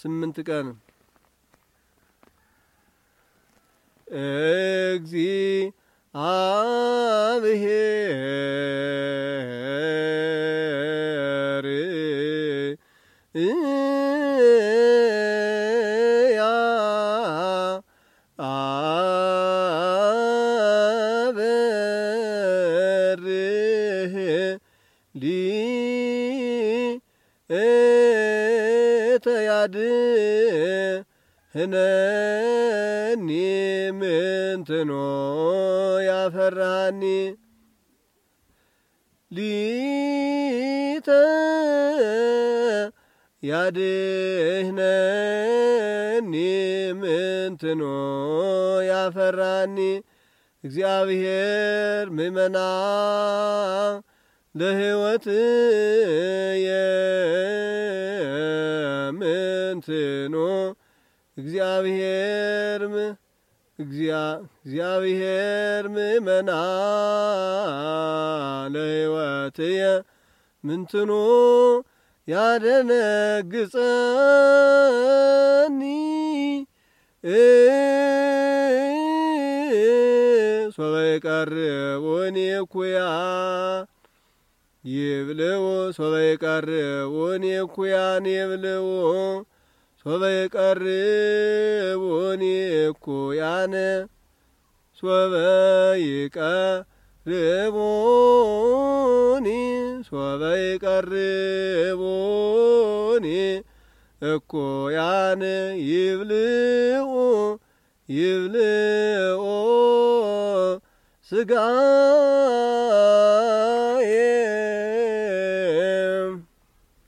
ስምንት ቀን እግዚአብሔር ያበር ዲ ተያድህነኒ ምንትኖ ያፈራኒ ሊተ ያድህነኒ ምንትኖ ያፈራኒ እግዚአብሔር ምመና ለህይወት ። የ ለእንትኖ እግዚአብሔር እግዚአብሔር ምእመና ለሕይወትየ ምንትኖ ያደነግጸኒ ሶበ ኩያ ይብልዎ ሶበ ኩያን ይብልዎ ሶበይቀርቡኒ እኩያነ ሶበይቀርቡኒ ሶበይቀርቡኒ እኩያን ይብልኡ ይብልኡ ስጋ